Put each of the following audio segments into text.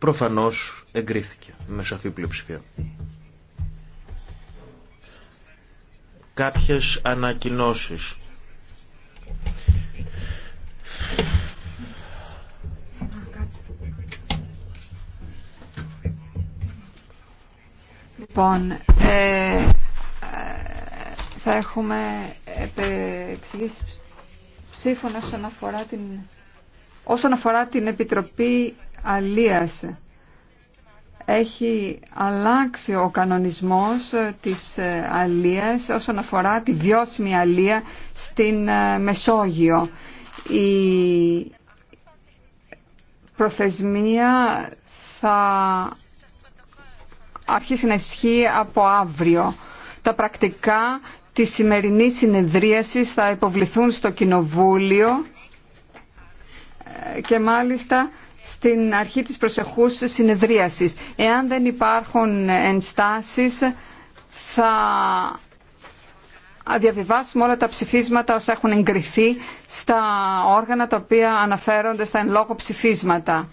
προφανώς εγκρίθηκε με σαφή πλειοψηφία. Κάποιες ανακοινώσεις. Λοιπόν, ε, ε, θα έχουμε εξηγήσει ψήφων όσον αφορά την, όσον αφορά την Επιτροπή αλίας. Έχει αλλάξει ο κανονισμός της αλίας όσον αφορά τη βιώσιμη αλία στην ε, Μεσόγειο. Η προθεσμία θα αρχίσει να ισχύει από αύριο. Τα πρακτικά τη σημερινή συνεδρίασης θα υποβληθούν στο Κοινοβούλιο ε, και μάλιστα στην αρχή της προσεχούς συνεδρίασης. Εάν δεν υπάρχουν ενστάσεις θα διαβιβάσουμε όλα τα ψηφίσματα όσα έχουν εγκριθεί στα όργανα τα οποία αναφέρονται στα εν λόγω ψηφίσματα.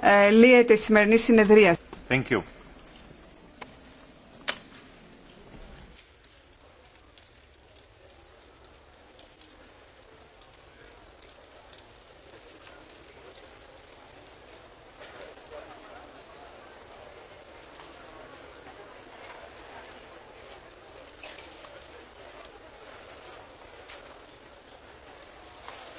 Ε, λύεται η σημερινή συνεδρία.